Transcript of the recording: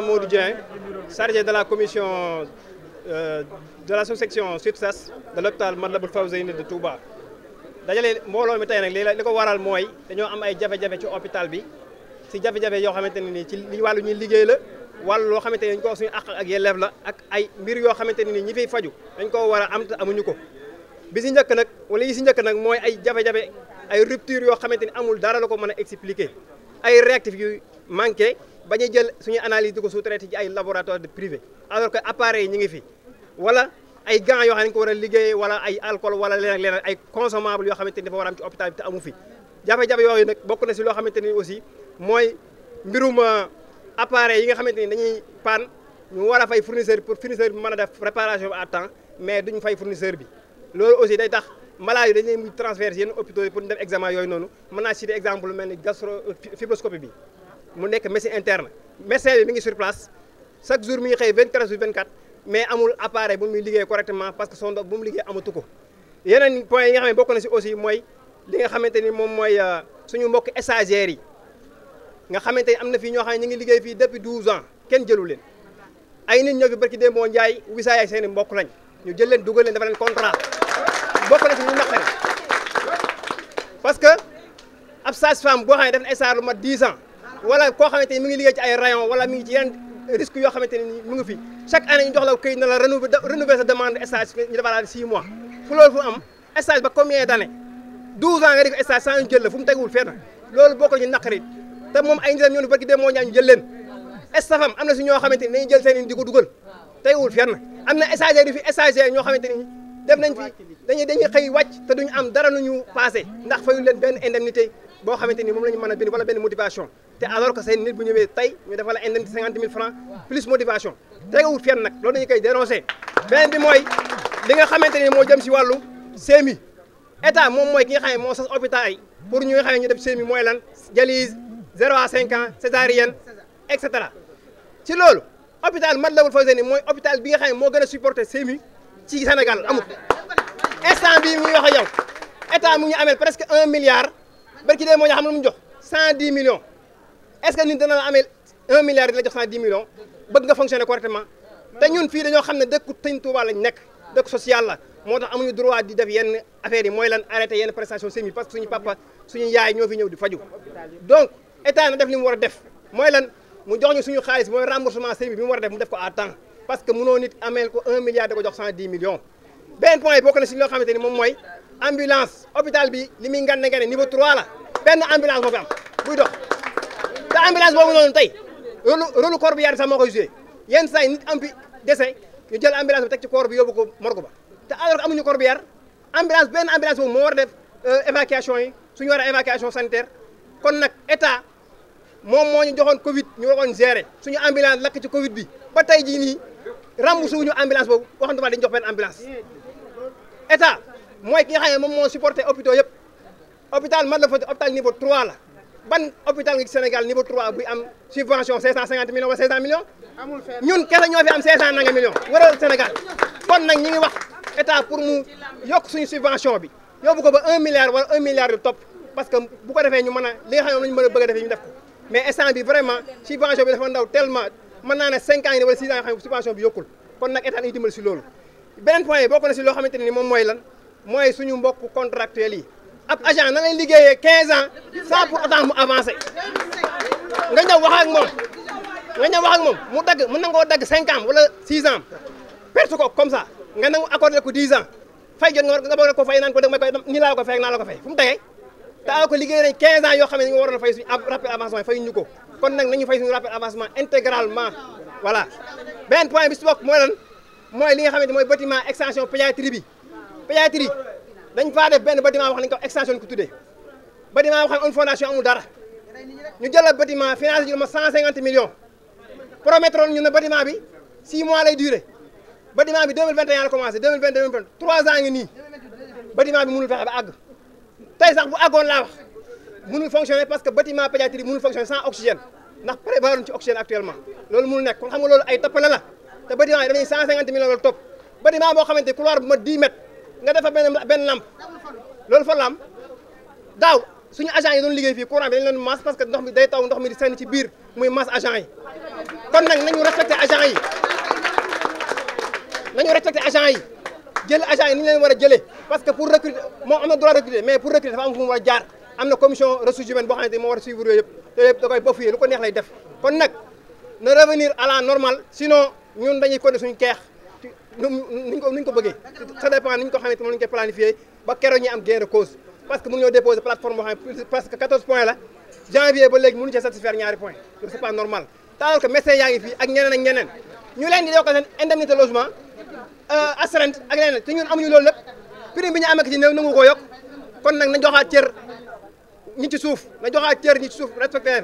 Anna Modou Dieng chargé de la commission euh, de la sous-section SUTSAS de l'hôpital Matlaboul Fawzeyni de Touba. dajale mbooloo mi tey nag li li ko waral mooy dañoo am ay jafe-jafe ci hôpital bi si jafe-jafe yoo xamante ne nii ci li wàllu ñuy liggéey la wàllu loo xamante ne dañ ko suñu ak yelleef la ak ay mbir yoo xamante ne nii ñi fiy faju dañ ko war am te amuñu ko bi si njëkk nag wala yi si njëkk nag mooy ay jafe-jafe ay rupture yoo xamante ni amul dara la ko mën a expliquer ay réactif yu manqué bañ a jël suñu analyse di ko sous-traité ci ay laboratoire de privé alors que appareils yi ñu ngi fi wala ay gan yoo xam ne ko war a liggéey wala ay alcool wala leneen leneen ay consommables yoo xamante ni dafa war a am ci hôpital bi te amu fi jafe-jafe yooyu na si loo xamante ni aussi mooy mbirum euh, appareils yi nga xamante ni dañuy panne ñu war a fay fournisseur pour fournisseur bi mën a def réparation à temps mais duñ fay fournisseur bi loolu aussi day tax malade yi dañ leen muy transfert yenn hôpitaux yi yooyu noonu mën naa citer exemple lu mel ni gastro euh, bi mu nekk médecin interne médecin bi mi ngi sur place chaque jour mi ngi xëy 24 sur 24 mais amul appareil bu muy liggéey correctement parce que sonde bu mu liggéey amatu ko yeneen point yi nga xam ne bokk na si aussi mooy li nga xamante ni moom mooy euh, suñu mbokk stagiaires yi nga xamante ni am na fii ñoo xam ne ñu ngi liggéey fii depuis 12 ans kenn jëlu leen ay nit ñoo fi barki dee moo njaay wisaay seen i mbokk lañ ñu jël leen dugal leen dafa leen contrat bokk na si ñu naqari parce que ab sage-femme boo xam ne def na stage lu mat 10 ans wala koo xamante ni mi ngi liggéey ci ay rayon wala mi ngi ci yeneen risque yoo xamante ne ni mu ngi fi chaque année ñu jox la këyit na la renouveler sa demande stage ñu defal la 6 mois fu loolu fu am stage ba combien d'années 12 ans nga di ko stage sans ñu jël la fu mu teguwul fenn loolu boo ko ñu naqari te moom ay nitam ñoo ne barki dem moo ñaan ñu jël leen estafam am na si ñoo xamante ni dañuy jël seen di ko dugal teguwul fenn am na stagiaire yu fi stagiaire ñoo xamante ni dem nañ fi dañuy dañuy xëy wàcc te am dara nu ñu passé ndax fayul leen benn indemnité boo xamante ni moom la ñu mën a bind wala benn motivation te alors que say nit bu ñëwee tey ñu defal la indemnité cinquante mille francs plus motivation tegawut fenn nag loolu dañu koy dénoncé beneen bi mooy li nga xamante ni moo jëm si wàllu semis état moom mooy ki nga moo sos hôpital yi pour ñu nga xam ne ñu def semis mooy lan dialyse zéro à cinq ans césarienne et cetera ci loolu hôpital Matlaboul Fawzeyni mooy hôpital bi nga xam ne moo gën a supporté semis ci Sénégal amul instant wax ak yow état mu ngi amel presque un milliard barki dee moo ñu xam lu mu jox cent dix millions est cent dix millions bëgg nga fonctionner correctement te ñun fii dañoo xam ne dëkku Sëñ Tuubaa lañ nekk dëkk social la moo tax amuñu droit di def yenn affaires mooy lan arrêté yenn prestation semi parce que suñu papa suñu yaay ñoo fi ñëw di faju donc état na def li mu war a def mooy lan mu jox ñu suñu xaalis mooy remboursement semi bi mu def ko à temps parce que mënoo nit ameel ko un milliard da ambulance hôpital bi li muy ngan ne ngan niveau 3 la benn ambulance moo fi am buy dox te ambulance boobu noonu tey rôle rôle sa bi yaari moo koy joué yenn saa nit am fi ñu jël ambulance bi teg ci corps bi yóbbu ko morgue ba te alors amuñu corps bi ambulance benn ambulance boobu moo war a def euh, évacuation yi suñu war a évacuation sanitaire kon nag état moom moo ñu joxoon Covid ñu waroon gérer suñu ambulance lakk ci Covid bi ba tey jii nii remboursé wuñu ambulance boobu waxantuma dañu jox benn ambulance état. mooy ki nga xam ne moom moo supporté hôpitaux yëpp hôpital Matlaboul Fawzayni hôpital niveau 3 la ban hôpital nga Sénégal niveau 3 buy am subvention 550 millions wala 500 millions ñun kese ñoo fi am 500 nanga millions waral Sénégal kon nag ñi ngi wax état pour mu yokk suñu subvention bi yóbbu ko ba 1 milliard wala 1 milliard yu topp parce que bu defee ñu mën a li nga xam ne moom la ñu defee ñu def mais instant bi vraiment subvention bi dafa ndaw tellement naa ne 5 ans yi wala 6 si loolu beneen point ne moom mooy lan mooy suñu mbokk contractuel yi ab agent na lay liggéeyee 15 ans sans pour autant mu avancé nga ñëw wax ak moom nga ñëw wax moom mu dagg mën na ngoo dagg 5 ans wala 6 ans perte ko comme ça nga nangu accordé ko 10 ans fay jot nga war nga bëgg ko fay naan ko dégg may koy nii laa ko fay naa la ko fay fu mu tegee te liggéey nañ 15 ans yoo xam ne ñu waroon a fay suñu rappel avancement fay ñu ko kon nag nañu fay suñu intégralement voilà beneen point bi si bokk mooy lan mooy li nga xamante mooy bâtiment extension pédiatrie bi pédiatrie dañ faa def benn bâtiment wax nañ ko extension ko tuddee bâtiment wax une fondation amul dara ñu jëlal bâtiment financé ñu ne ma 150 millions promettoon ñu ne bâtiment bi 6 mois lay duré bâtiment bi 2021 la commencé 2022 2023 3 ans ngi nii bâtiment bi mënul fexe ba àgg tey sax bu àggoon laa wax mënul fonctionner parce que bâtiment pédiatrie mënul fonctionner sans oxygène ndax prévoir ci oxygène actuellement loolu mënul nekk kon xam nga loolu nga defa a benn lampe loolu fa lampe daaw suñu agent yi doon liggéey fii courant bi dañ leen masse parce que ndox mi day taw ndox mi di sànni ci biir muy masse agent yi kon nag nañu respecté agent yi nañu respecté agent yi jël agent yi ni ñu leen war jëlee parce que pour recruter moo am na droit recruter mais pour recruter dafa am fu mu war a jaar am na commission ressources humaines boo xamante moo war a suivre yooyu yëpp te yëpp da koy bafoué lu ko neex lay def kon nag na revenir à la normale sinon ñun dañuy continuer suñu keex nu ñu ko nu ñu ko bëggee ça ko xamante moom la ñu koy planifié ba keroog ñi am gain de cause parce que mënu ñoo déposer plateforme boo xam ne parce que 14 points la janvier ba léegi mënu cee satisfaire ñaari points donc c'est pas normal tandis que médecin yaa ngi fii ak ñeneen ak ñeneen ñu leen di yokkal seen indemnité logement euh, assurance ak leneen te ñun amuñu loolu lépp prime bi ñu amee ci néew nangu ko yokk kon nag na joxaat cër ñi ci suuf na joxaat cër ñi ci suuf respecté